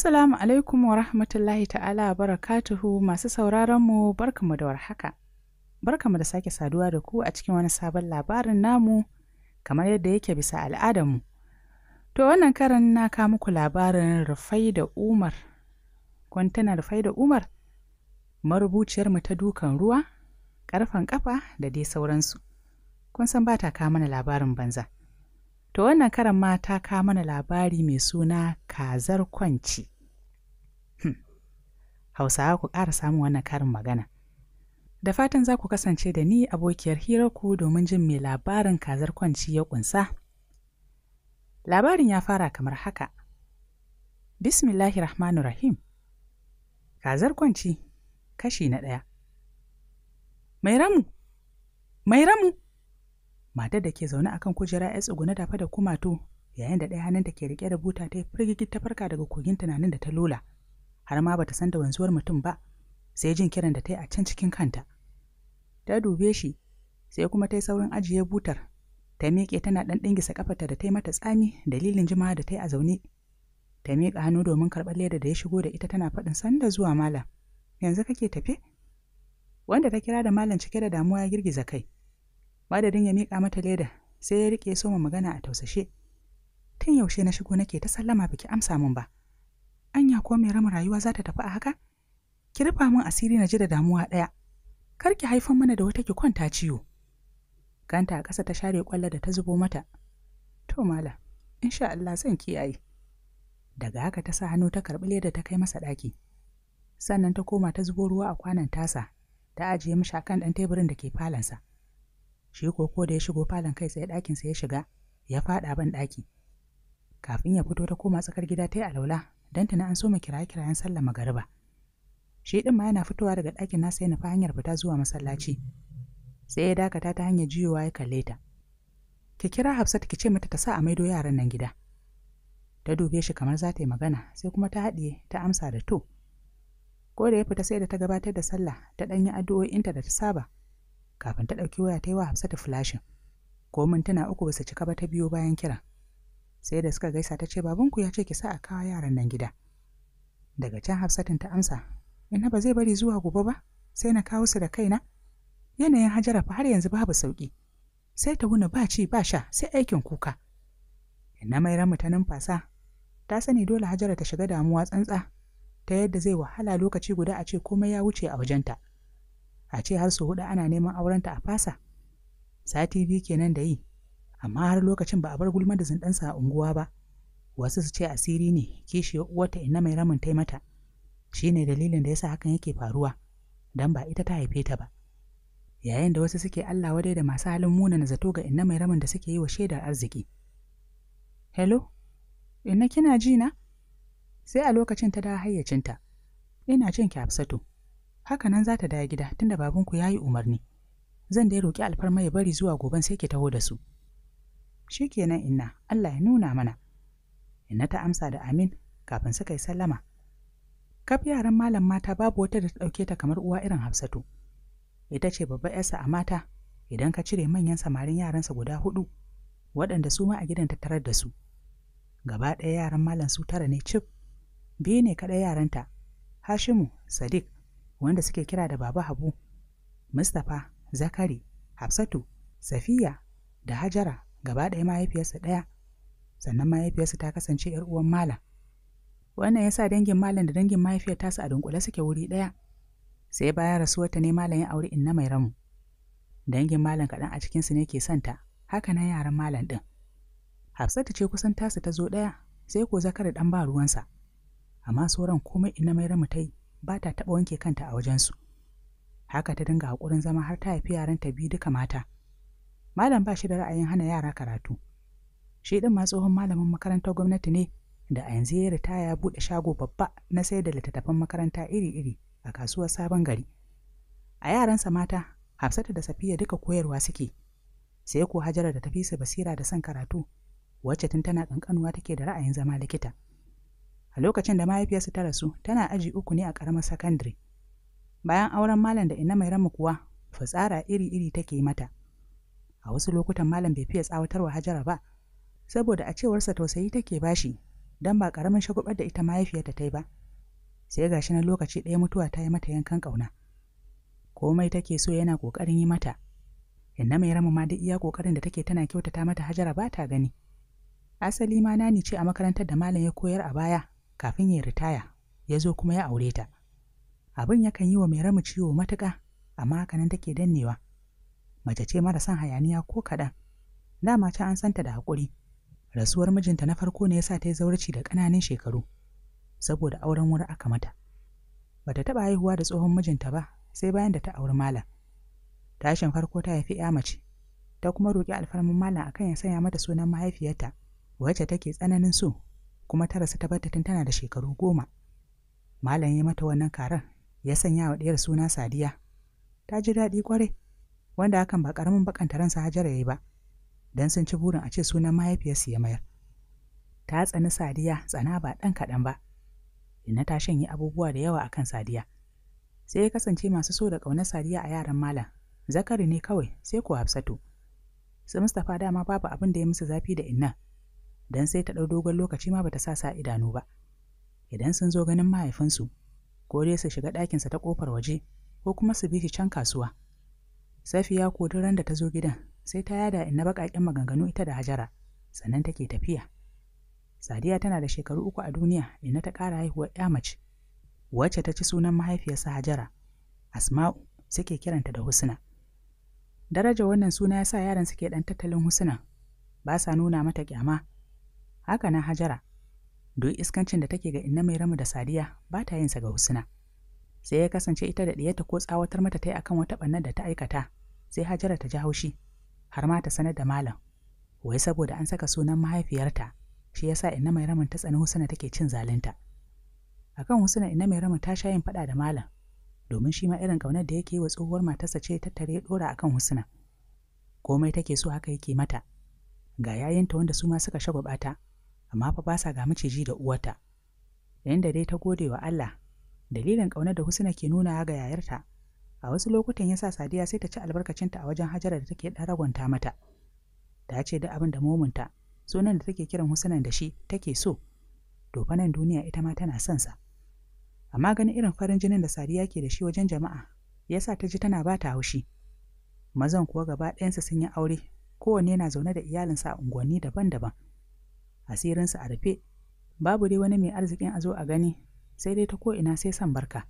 Assalamu alaikum wa rahmatullahi ta'ala barakatuhu masu sauraron mu barkamu da warhaka. Barkamu da sake saduwa da ku a cikin wani sabon labarin namu kamar yadda yake bisa al'adarmu. To wannan karan na ka muku labarin Rufai da Umar. Kwantana Rufai da Umar marubuciyar mu ta dukan ruwa, karfan kafa da dai sauransu. Kun san ba ta mana labarin banza. To wannan karan ma ta mana labari mai suna kazar kwanci. Hausawa ku ƙara samun wannan karin magana. Da fatan za ku kasance da ni abokiyar ku domin jin mai labarin kazar kwanci ya ƙunsa. Labarin ya fara kamar haka. Bismillahi Kazar kwanci, kashi na ɗaya. Mai ramu, mai ramu! Matar da ke zaune akan kujera ya na dafa da kumato yayin da ɗaya hannunta ke riƙe da buta ta yi firgigit ta farka daga kogin tunanin da ta lola. har ma bata san da wanzuwar mutum ba sai jin kiran da ta yi a can cikin kanta ta dube shi sai kuma ta yi saurin ajiye butar ta miƙe tana ɗan ɗingisa ƙafarta da ta yi mata tsami dalilin jimawa da ta yi a zaune ta miƙa hannu domin karɓar leda da ya shigo da ita tana faɗin sanda zuwa malam yanzu kake tafe wanda ta kira da malam cike da damuwa ya girgiza kai madadin ya miƙa mata leda sai ya riƙe soma magana a tausashe tun yaushe na shigo nake ta sallama biki amsa mun ba anya ko mai rama rayuwa za ta tafi a haka ki rufa min asiri na ji da damuwa ɗaya kar ki haifan mana da wata ki kwanta ciwo ganta a ƙasa ta share ƙwallo da ta zubo mata to mala insha Allah zan kiyaye daga haka ta sa hannu ta karɓi leda ta kai masa ɗaki sannan ta koma ta zubo ruwa a kwanan tasa ta ajiye mishi akan ɗan teburin da ke falansa shi ko da ya shigo falon kai tsaye ɗakinsa ya shiga ya faɗa ban ɗaki kafin ya fito ta koma tsakar gida ta yi alaula dan tana an so mu kiraye-kirayen sallar magariba. Shi ɗin ma yana fitowa daga ɗakin nasa na fa hanyar fita zuwa masallaci. Sai ya dakata ta hanyar jiyowa ya kalle ta. Ki kira Hafsat ki ce mata ta sa a maido yaran nan gida. Ta dube shi kamar za ta yi magana, sai kuma ta haɗiye ta amsa da to. Ko da ya fita sai da ta gabatar da sallah ta ɗan yi addu'o'inta da ta saba, kafin ta ɗauki waya ta yi wa Hafsatu flashin. Ko mintuna uku ba su cika ba ta biyo bayan kiran. sai da suka gaisa ta ce babanku ya ce ki sa a kawo yaran nan gida daga can hafsatin ta amsa ina ba zai bari zuwa gobe ba sai na kawo su da kaina yanayin hajara fa har yanzu babu sauki sai ta wuna ba ci ba sha sai aikin kuka ina mai ramu ta numfasa ta sani dole hajara ta shiga damuwa tsantsa ta yadda zai wahala lokaci guda a ce komai ya wuce a wajenta a ce har su hudu ana neman aurenta a fasa sati biyu kenan da yi amma har lokacin ba a bar gulma da zindansa a unguwa ba wasu su ce asiri ne kishiyar uwarta ina mai ramin tai mata shi ne dalilin da ya sa hakan yake faruwa don ba ita ta haife ta ba yayin da wasu suke Allah wadai da masu halin na zato ga ina mai ramin da suke yi wa shaidar arziki hello inna kina ji na sai a lokacin ta da hayyacinta ina cin ki Hafsatu haka nan za ta dawo gida tunda babanku ya yi umarni zan dai roƙi alfarma ya bari zuwa goben sai ki taho da su Shi kenan inna, Allah ya nuna mana. Inna ta amsa da amin kafin suka yi sallama. Kaf yaran malam mata babu wata da ta ɗauke ta kamar uwa irin Hafsatu. Ita ce babbar ‘yarsa a mata idan ka cire manyan samarin yaransa guda hudu waɗanda su ma a gidan tarar da su. Gaba ɗaya yaran malam su tara ne cif, biyu ne kaɗai yaranta, Hashimu, Sadiq, wanda suke kira da Baba Habu, Mustapha, Zakari, Hafsatu, Safiya da Hajara gaba ɗaya mahaifiyarsa ɗaya sannan mahaifiyarsu ta kasance ‘yar uwan malam wannan ya sa dangin malam da dangin mahaifiyar su a dunkule suke wuri ɗaya sai bayan rasuwarta ne malam ya auri inna mai ramu dangin malam kaɗan a cikinsu ne ke santa haka nan yaran malam ɗin hafsatu ce kusan tasu ta zo ɗaya sai ko zakar ɗan ba ruwansa amma sauran komai inna mai ramu ta yi ba ta taɓa wanke kanta a wajen su. haka ta dinga haƙurin zama har ta haifi yaran ta biyu duka mata Malam ba shi da ra'ayin hana yara karatu. Shi ɗin ma tsohon malamin makarantar gwamnati ne da a yanzu ya ritaya ya buɗe shago babba na sayar da littattafan makaranta iri-iri a kasuwar sabon gari. A yaransa mata, hafsata da Safiya duka koyarwa suke. Sai ko Hajara da tafisa su basira da son karatu, wacce tun tana ƙanƙanuwa take da ra'ayin zama likita. A lokacin da mahaifiyarsu ta rasu, tana aji uku ne a ƙaramar sakandare. Bayan auren malam da ina mai ramu kuwa, fitsara iri-iri take mata. a wasu lokutan malam bai fiye tsawatarwa hajara ba saboda a cewarsa tausayi take bashi don ba ƙaramin shagubar da ita mahaifiyarta ta yi ba sai ga shi na lokaci ɗaya mutuwa ta yi mata yankan ƙauna komai take so yana ƙoƙarin yi mata inna mai rama ma duk iya ƙoƙarin da take tana kyautata mata hajara ba ta gani asali ma nani ce a makarantar da malam ya koyar a baya kafin ya ritaya ya zo kuma ya aure ta abin yakan yi wa mai rama ciwo matuƙa amma hakanan take dannewa mace ce mara son hayaniya ko kaɗan dama ta an santa da haƙuri rasuwar mijinta na farko ne ya sa ta yi zaurci da ƙananan shekaru saboda auren wuri aka mata bata taɓa haihuwa da tsohon mijinta ba sai bayan da ta auri malam tashin farko ta haifi ya mace ta kuma roƙi alfarmin malam akan ya sanya mata sunan mahaifiyarta wacce take tsananin so kuma ta rasu ta tana da shekaru goma malam ya mata wannan karar ya sanya wa ɗayar suna sadiya ta ji daɗi ƙwarai wanda hakan ba ƙaramin bakanta ransa Hajara ya ba, dan sun ci burin a ce sunan mahaifiyarsu ya mayar. Ta tsani Sadiya tsana ba ɗan kaɗan ba, Ina ta shanye abubuwa da yawa akan Sadiya. Sai ya kasance masu so da ƙaunar Sadiya a yaran Malam, Zakari ne kawai sai ko Hafsatu. Su Mustapha dama babu abin da ya musu zafi da Inna, dan sai ta ɗau dogon lokaci ma bata sa sa idanu ba. Idan sun zo ganin mahaifinsu, ko dai su shiga ɗakinsa ta kofar waje, ko kuma su bi shi can kasuwa. Safiya ko duk ran da ta zo gidan sai ta yada inna baƙaƙen maganganu ita da Hajara sannan take tafiya. Sadiya tana da shekaru uku a duniya inna ta ƙara haihuwar ya mace wacce ta ci sunan mahaifiyarsa Hajara Asma'u suke kiranta da Husna. Daraja wannan suna ya sa yaran suke ɗan tattalin Husna ba sa nuna mata kyama. Haka nan Hajara duk iskancin da take ga inna mai ramu da Sadiya ba ta yinsa ga Husna. sai ya kasance ita da ɗiyarta ko tsawatar mata ta yi akan wata ɓannar da ta aikata sai hajara ta ji haushi har ma ta sanar da malam wai saboda an saka sunan mahaifiyarta shi yasa inna mai ramin ta tsani husna take cin zalunta akan husna inna mai ramin ta sha yin faɗa da malam domin shi ma irin ƙaunar da yake yi wa tsohuwar matarsa ce tattare tare ɗora akan husna komai take so haka yake mata ga yayinta wanda su ma suka shagwaba ta amma fa ba sa ga miciji da uwarta yayin da dai ta gode wa Allah dalilin ƙaunar da husna ke nuna ga yayarta a wasu lokutan ya sa sadiya sai ta ci albarkacinta a wajen hajara da take ɗan mata ta ce duk abin da momunta sunan da take kiran husnan da shi take so to nan duniya ita ma tana son sa amma ganin irin farin jinin da sadiya ke da shi wajen jama'a yasa ta ji tana ba ta haushi mazan kuwa gaba ɗayansa sun yi aure kowanne na zaune da iyalinsa a unguwanni daban-daban asirinsa a rufe babu dai wani mai arzikin a zo a gani sai dai ta ko'ina sai san barka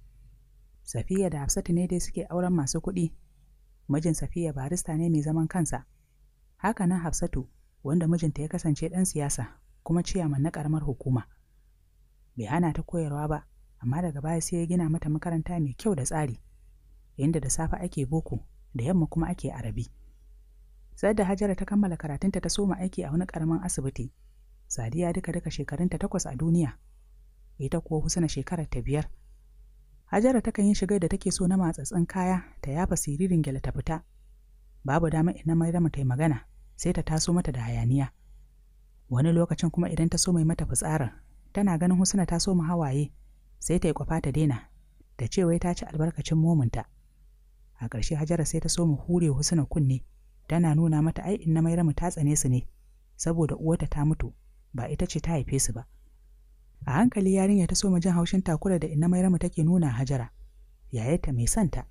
safiya da hafsatu ne dai suke auren masu kuɗi mijin safiya barista ne mai zaman kansa haka nan hafsatu wanda mijinta ya kasance ɗan siyasa kuma ciyaman na ƙaramar hukuma bai hana ta koyarwa ba amma daga baya sai ya gina mata makaranta mai kyau da tsari inda da safe ake boko da yamma kuma ake arabi sai da hajara ta kammala karatunta ta soma aiki a wani ƙaramin asibiti sadiya duka duka shekarunta takwas a duniya ita kuwa husna shekarar ta biyar hajara takan yi shigar da take so na matsatsin kaya ta yafa siririn gyale ta fita babu dama ina mai rama ta magana sai ta taso mata da hayaniya wani lokacin kuma idan ta so mai mata fitsarin tana ganin husna ta so mu hawaye sai ta yi kwafa ta daina da cewa ta ci albarkacin mominta a ƙarshe hajara sai ta so mu hure husna kunne tana nuna mata ai inna mai rama ta tsane su ne saboda uwarta ta mutu ba ita ce ta haife su ba a hankali yarinya ta so jin haushin takura da inna mairamu take nuna hajara yayarta mai santa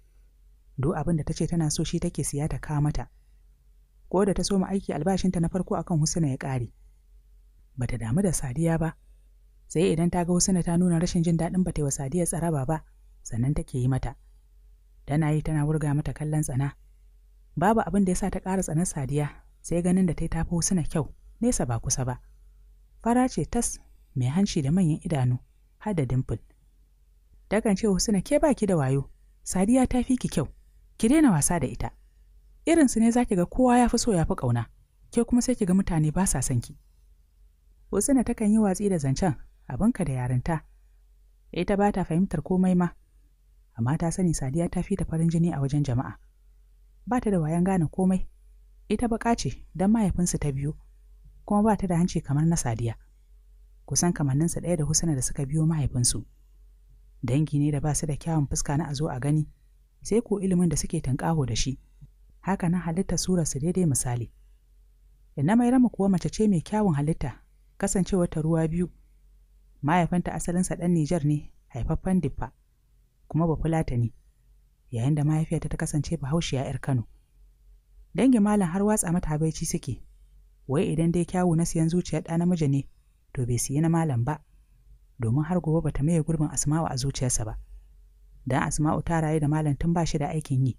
duk abin da ta ce tana so shi take siya ta kawo mata ko da ta soma aiki aiki albashinta na farko akan husuna ya ƙare bata damu da sadiya ba sai idan ta ga husuna ta nuna rashin jin daɗin bata yi wa sadiya tsaraba ba sannan take yi mata tana yi tana wurga mata kallon tsana babu abin da ya sa ta ƙara tsanar sadiya sai ganin da ta yi tafi husuna kyau nesa ba kusa ba fara ce tas mai hanci da manyan idanu har da dimple dakan ce husna ke baki da wayo sadiya ta fi ki kyau ki daina wasa da ita irinsu ne za ki ga kowa ya fi so ya fi ƙauna ke kuma sai ki ga mutane ba sa son ki ta takan yi watsi da zancen abinka da yarinta ita ba ta fahimtar komai ma amma ta sani sadiya ta fi ta farin jini a wajen jama'a ba ta da wayan gane komai ita baƙa ce don mahaifinsu ta biyu kuma ba ta da hanci kamar na sadiya kusan kamanninsa ɗaya da husana da suka biyo mahaifinsu dangi ne da ba su da kyawun fuska na a zo a gani sai ko ilimin da suke tunƙaho da shi haka nan halitta su daidai misali inna mai rama kuwa mace ce mai kyawun halitta kasancewar ta ruwa biyu mahaifinta asalinsa ɗan Nijar ne haifaffen diffa kuma fulata ne yayin da mahaifiyarta ta kasance bahaushiya 'yar Kano Dangi malam har watsa mata habaici suke wai idan dai kyawu na siyan zuciyar ɗa namiji ne to bai siye na malam ba domin har gobe bata maye gurbin asma'u a zuciyarsa ba dan asma'u ta rayu da malam tun ba shi da aikin yi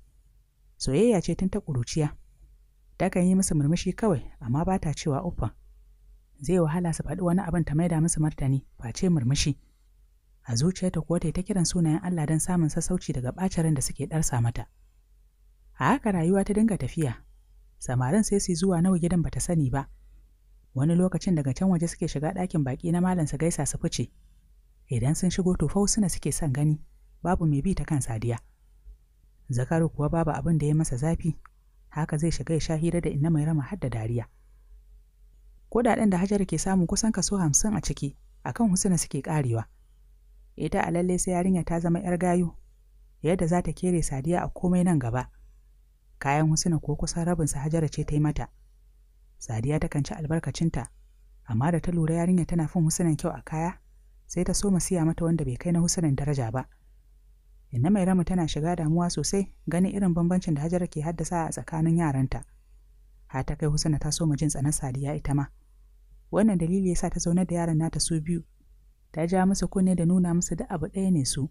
soyayya ce tun ta ƙuruciya kan yi musu murmushi kawai amma ba ta cewa uffa zai wahala su faɗi wani abin ta maida musu martani face murmushi a zuciyarta kuwa ta kiran sunayen Allah don samun sassauci daga ɓacin da suke ɗarsa mata a haka rayuwa ta dinga tafiya samarin sai su zuwa nawa gidan bata sani ba wani lokacin daga can waje suke shiga ɗakin baƙi na malam su gaisa su fice idan sun shigo to fausuna suke son gani babu mai bi ta kan sadiya zakaru kuwa babu abin da ya masa zafi haka zai shiga ya sha hira da inna mai rama hadda dariya kudaden da Hajara ke samu kusan kaso hamsin a ciki akan husuna suke ƙarewa. Ita a lalle sai yarinya ta zama yar gayu yadda za ta kere Sadiya a komai nan gaba. Kayan husuna ko kusan rabinsa Hajara ce ta yi mata. Sadiya takan ci albarkacinta, amma da ta lura yarinya tana fin husunan kyau a kaya, sai ta so siya mata wanda bai kai na husunan daraja ba. Inna mai ramu tana shiga damuwa sosai ganin irin bambancin da Hajara ke haddasa a tsakanin yaranta. Har ta kai Husuna ta so jin tsanar Sadiya ita ma. Wannan dalili sa ta zaunar da yaran nata su biyu. Ta ja musu kunne da nuna musu duk abu ɗaya ne su.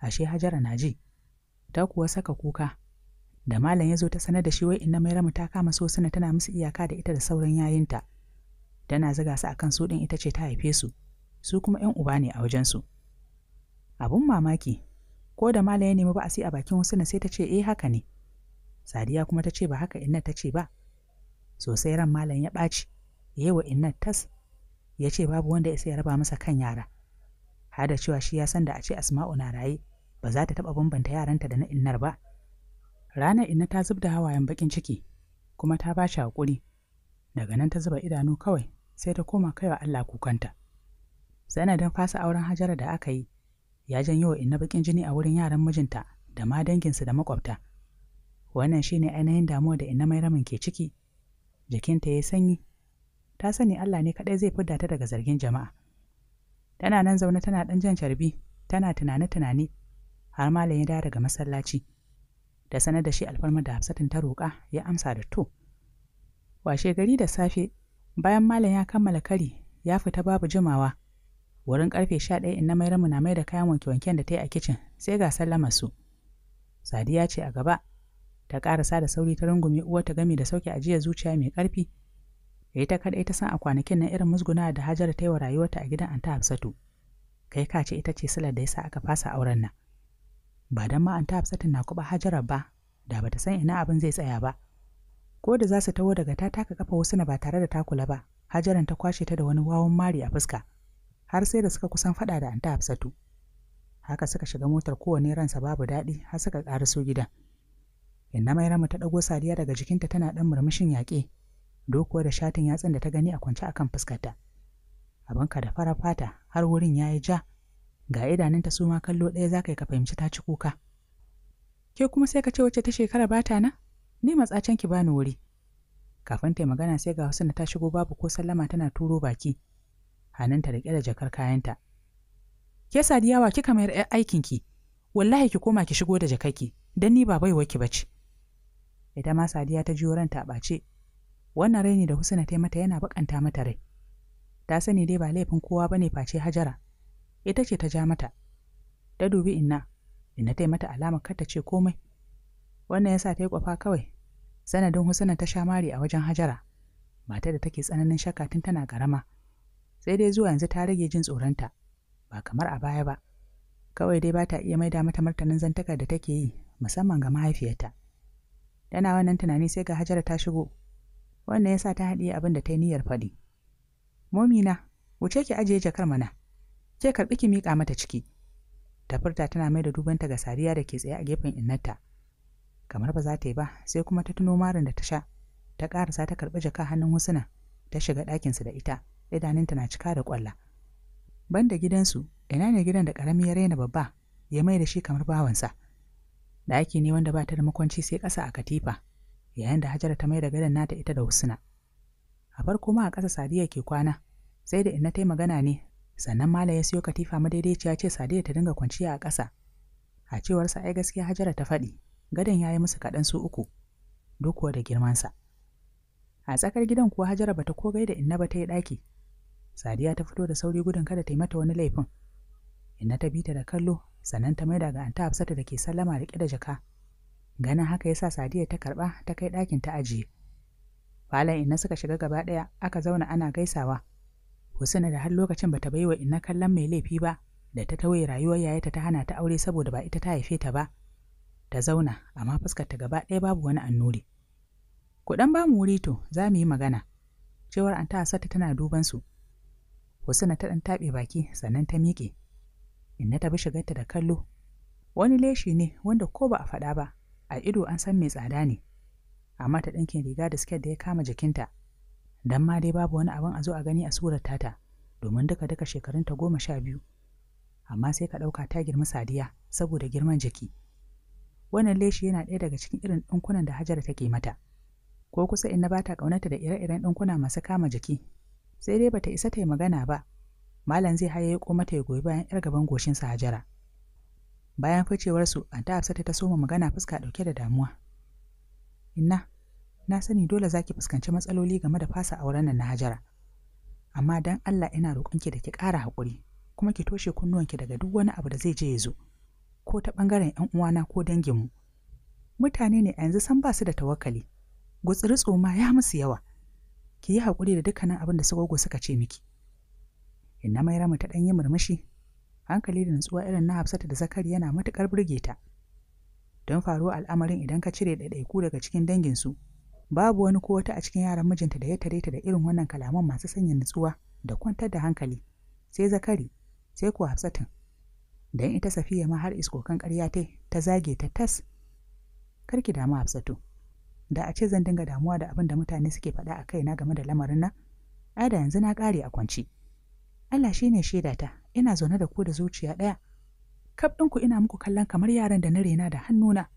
Ashe Hajara na ji. Ta kuwa saka kuka. da malam ya zo ta sanar da shi wai inna mairamu ta kama sosuna tana musu iyaka da ita da sauran yayinta tana zuga su akan su din ita ce ta haife su su kuma ƴan uba ne a wajen su abun mamaki ko da malam ya nemi ba a si a bakin na sai ta ce eh haka ne sadiya kuma ta ce ba haka inna ta ce ba sosai ran malam ya ɓaci ya wa inna tas ya ce babu wanda ya sai ya raba masa kan yara har da cewa shi ya san da a ce asma'u na raye ba za ta taɓa bambanta yaranta da na innar ba Ranar Inna ta zub da hawayen baƙin ciki, kuma ta ba shi haƙuri. Daga nan ta zuba idanu kawai, sai ta koma kaiwa Allah kukanta. Sanadin fasa auren Hajara da aka yi, ya janyo wa Inna bakin jini a wurin yaran mijinta da ma danginsu da makwabta Wannan shine ainihin damuwa da ina mai ramin ke ciki. Jikinta ya sanyi. Ta sani Allah ne kaɗai zai fidda ta daga zargin jama'a. Tana nan zaune tana ɗan jan carbi, tana tunane-tunane, har malam ya dawo daga masallaci. da sanar da shi alfarma da Hafsatin ta roƙa ya amsa da to. Washe gari da safe, bayan malam ya kammala kari ya fita babu jimawa. Wurin karfe sha ɗaya in na mai na mai da kayan wanke-wanken da ta yi a kicin sai ga sallama su. Sadiya ce a gaba, ta ƙarasa da sauri ta rungume uwar ta gami da sauke ajiyar zuciya mai ƙarfi. Ya ta kaɗai ta san a kwanakin na irin musguna da Hajara ta yi wa rayuwarta a gidan Anta Hafsatu. Kai ka ce ita ce silar da ya sa aka fasa auren nan. ba dan ma an ta Hafsatu na kuɓa Hajara ba, da bata san ina abin zai tsaya ba. Ko da za su taho daga ta taka kafa wasu na ba tare da takula ba, Hajaran ta kwashe ta da wani wawan mari a fuska, har sai da suka kusan faɗa da an ta Hafsatu. Haka suka shiga motar kowane ransa babu daɗi har suka ƙara su gidan. Inna mai rama ta ɗago sariya daga jikinta tana ɗan murmushin yaƙe, dokuwa da shatin yatsun da ta gani a kwance akan fuskarta. Abinka da fara fata har wurin ya yi ja, ga idanunta su ma kallo ɗaya za ka yi ka fahimci ta ci kuka. Ke kuma sai ka ce wacce ta shekara bata ta na? Ni matsacen ki bani wuri. Kafin ta magana sai ga Husna ta shigo babu ko sallama tana turo baki. Hannunta riƙe da jakar kayanta. Ke sadiyawa kika mayar ‘yar aikinki, wallahi ki koma ki shigo da ki, don ni ba baiwa ki bace. Ita ma sadiya ta jiyo ranta a ɓace. Wannan raini da Husna ta mata yana baƙanta mata rai. Ta sani dai ba laifin kowa bane face Hajara, ita ce ta ja mata ta dubi inna inna ta yi mata alama kar ta ce komai wannan yasa ta yi kwafa kawai sanadin husana ta sha mari a wajen hajara Mata da take tsananin shakka tun tana karama sai dai zuwa yanzu ta rage jin tsoronta ba kamar a baya ba kawai dai ba ta iya maida mata martanin zantakar da take yi musamman ga mahaifiyarta tana wannan tunani sai ga hajara ta shigo wannan yasa ta haɗiye abin da ta yi niyyar faɗi momina wuce ki ajiye jakar mana ke karɓi ki miƙa mata ciki ta furta tana mai da dubanta ga sariya da ke tsaye a gefen innarta kamar ba za ta yi ba sai kuma ta tuno marin da ta sha ta ƙarasa ta karɓi jaka hannun husuna ta shiga ɗakinsu da ita idaninta na cika da ƙwalla Banda gidansu ina ne gidan da ƙarami ya raina babba ya mai da shi kamar bawansa ɗaki ne wanda ba ta da makwanci sai ƙasa a katifa yayin da hajara ta mai da gadon nata ita da husuna a farko ma a ƙasa sadiya ke kwana sai da inna ta magana ne sannan malam ya siyo katifa madaidaiciya ce sadiya ta dinga kwanciya a ƙasa a cewarsa ai gaskiya hajara ta faɗi gadon ya yi musu kaɗan su uku dokuwa da girmansa a tsakar gidan kuwa hajara bata ko gai da inna ba ta yi ɗaki sadiya ta fito da sauri gudun kada ta yi mata wani laifin inna ta bi ta da kallo sannan ta maida ga anta hafsata da ke sallama riƙe da jaka ganin haka ya sa sadiya ta karɓa ta kai ɗakin ta ajiye falon inna suka shiga gaba ɗaya aka zauna ana gaisawa Husaina da har lokacin bata bai wa inna kallon mai laifi ba da ta tawaye rayuwar yayata ta hana ta aure saboda ba ita ta haife ta ba. Ta zauna amma fuskar ta gaba ɗaya babu wani annuri. Ku dan ba mu wuri to za mu yi magana. Cewar an ta Asata tana duban su. Husaina ta dan taɓe baki sannan ta miƙe. Inna ta bi shigar ta da kallo. Wani leshi ne wanda ko ba a faɗa ba a ido an san mai tsada ne. Amma ta ɗinkin riga da siket da ya kama jikinta. dan ma dai babu wani abin a zo a gani a surar tata domin duka duka shekarunta goma sha biyu amma sai ka ɗauka ta girma sadiya saboda girman jiki wannan leshi yana ɗaya daga cikin irin ɗinkunan da hajara take mata ko kusa inna ba ta ƙaunata da ire-iren ɗinkuna masu kama jiki sai dai bata isa ta yi magana ba malam zai haye ko mata ya goyi bayan yar gaban sa hajara bayan ficewarsu anta hafsata ta soma magana fuska ɗauke da damuwa inna na sani dole za ki fuskanci matsaloli game da fasa auren nan na Hajara. Amma dan Allah ina ki da ki ƙara haƙuri, kuma ki toshe kunnuwanki daga duk wani abu da zai je ya zo, ko ta ɓangaren 'yan uwana ko danginmu. Mutane ne a yanzu san ba su da tawakkali, gutsiri tsoma ya musu yawa. Ki yi haƙuri da dukkanin abin da gogo suka ce miki. Inna mai rama ta ɗan murmushi, hankali da nutsuwa irin na Hafsat da Zakari yana matuƙar burge ta. Don faruwa al'amarin idan ka cire ɗaiɗaiku daga cikin danginsu, babu wani ko wata a cikin yaran mijinta da ya tare ta da irin wannan kalaman masu sanya nutsuwa da kwantar da hankali sai zakari sai kuwa hafsatin Don ita safiya ma har isko kan ƙarya ta ta zage ta tas karki damu hafsatu da a ce zan dinga damuwa da abin da mutane suke faɗa a kaina game da lamarin nan ai da yanzu na ƙare a kwanci Allah shine shaidata ina zaune da ku da zuciya ɗaya kaf ɗinku ina muku kallon kamar yaran da na rena da hannuna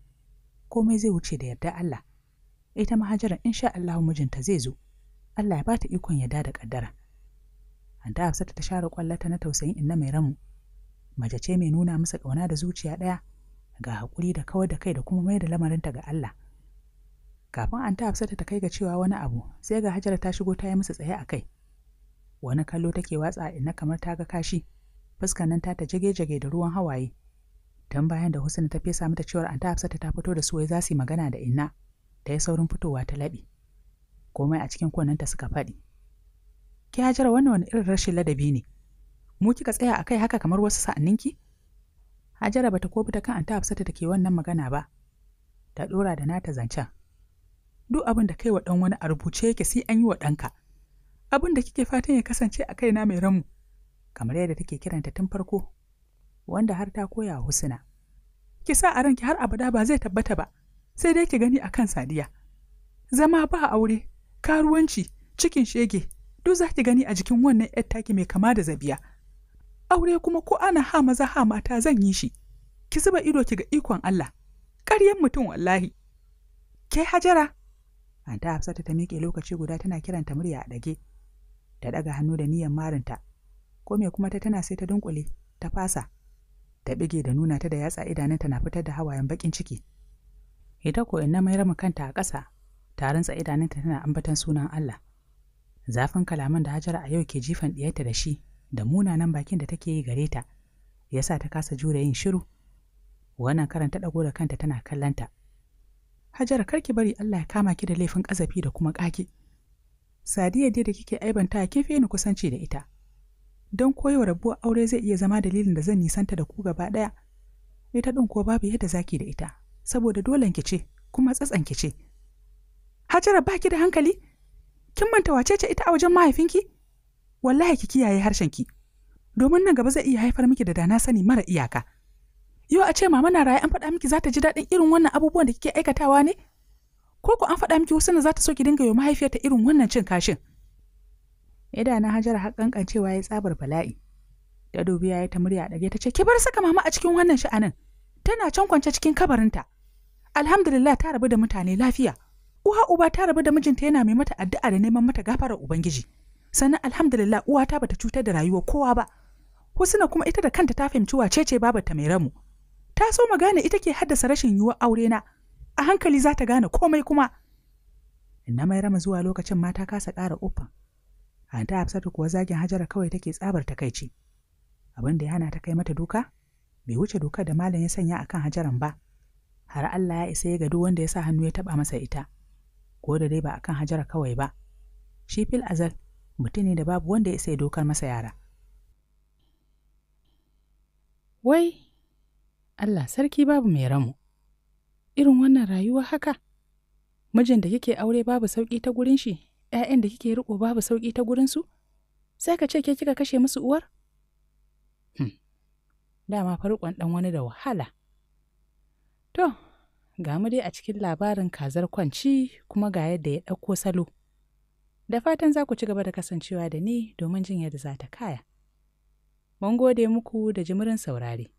komai zai wuce da yarda Allah ita ma in insha Allah mijinta zai zo Allah ya bata ta ikon ya da kaddara Anta Hafsatu ta share kwallata na tausayin inna mai ramu mace ce mai nuna masa kauna da zuciya daya ga hakuri da kawar da kai da kuma mai da lamarinta ga Allah kafin Anta Hafsatu ta kai ga cewa wani abu sai ga Hajara ta shigo ta yi masa tsaye a kai wani kallo take watsa inna kamar ta ga kashi Fuskar nan ta ta jage-jage da ruwan hawaye dan bayan da Husna ta fesa mata cewar Anta Hafsatu ta fito da wai za su yi magana da inna ta yi saurin fitowa ta laɓi. komai a cikin kunnenta suka faɗi ki hajara wannan wani irin rashin ladabi ne mu kika tsaya a kai haka kamar wasu ki hajara bata ko ta kan anta hafsata take wannan magana ba ta dora da nata zancen duk abin da kai wa ɗan wani a rubuce yake sai an yi wa ɗanka abin da kike fatan ya kasance a kaina mai ranmu kamar yadda take kiranta tun farko wanda har ta koya wa husna ki sa a ranki har abada ba zai tabbata ba sai dai ki gani a kan sadiya zama ba aure karuwanci cikin shege duk za ki gani a jikin wannan yar taki mai kama da zabiya aure kuma ko ana ha maza ha mata zan yi shi ki zuba ido ki ga ikon Allah ƙaryen mutum wallahi ke hajara anta hafsa ta miƙe lokaci guda tana kiranta murya a ɗage ta ɗaga hannu da niyyar marinta ko me kuma ta tana sai ta dunkule ta fasa ta bige da nuna ta da yatsa idanunta na fitar da hawayen baƙin ciki ita ko ina mai mayar kanta a ƙasa ta rantsa idanunta tana ambaton sunan Allah zafin kalaman da Hajara a yau ke jifan ɗiyarta da shi da munanan bakin da take yi gare ta yasa ta kasa jure yin shiru wannan karan ta ɗago da kanta tana kallanta Hajara karki bari Allah ya kama ki da laifin ƙazafi da kuma kaki Sadiya dai da kike aibanta kin fi ni kusanci da ita don koyewa rabuwar aure zai iya zama dalilin da zan nisanta da ku gaba ɗaya ita ɗin ko babu yadda zaki da ita saboda dolen ki ce kuma tsatsan ki ce hajara baki da hankali kin manta wace ce ita a wajen mahaifinki wallahi ki kiyaye harshen ki domin nan gaba zai iya haifar miki da dana sani mara iyaka yau a ce mama na raye an faɗa miki za ji daɗin irin wannan abubuwan da kike aikatawa ne ko ku an faɗa miki wasu na za so ki dinga yi mahaifiyarta irin wannan cin kashin na hajara har kankancewa ya tsabar bala'i da dubiya ya ta murya ɗage ta ce ki bar saka mama a cikin wannan sha'anin tana can kwance cikin kabarinta alhamdulillah ta rabu da mutane lafiya uwa uba ta rabu da mijinta yana mai mata addu'a da neman mata gafarar ubangiji sannan alhamdulillah uwa ta bata cutar da rayuwar kowa ba husna kuma ita da kanta ta fahimci wace ce babarta mai ramu ta so gane ita ke haddasa rashin yiwuwar aure na a hankali za ta gane komai kuma na mai rama zuwa lokacin mata kasa ƙara uffan Anta Hafsatu kuwa zagin Hajara kawai take tsabar takaici. Abin da ya hana ta kai mata doka bai wuce doka da malam ya sanya akan Hajaran ba, har Allah ya isa ya ga duk wanda ya sa hannu ya taba masa ita ko da dai ba akan hajara kawai ba shi fil azal mutum ne da babu wanda ya isa ya dokar masa yara wai Allah sarki babu mai ramu irin wannan rayuwa haka mijin da kike aure babu sauki ta gurin shi ‘ya'yan da kike riko babu sauki ta gurin su sai ka ce ke kika kashe musu uwar hmm. dama farkon ɗan wani da wahala To, ga mu dai a cikin labarin kazar kwanci kuma ga yadda ya ɗauko salo. Da fatan za ku ci gaba da kasancewa da ni domin jin yadda za ta kaya. Mun gode muku da jimirin saurari.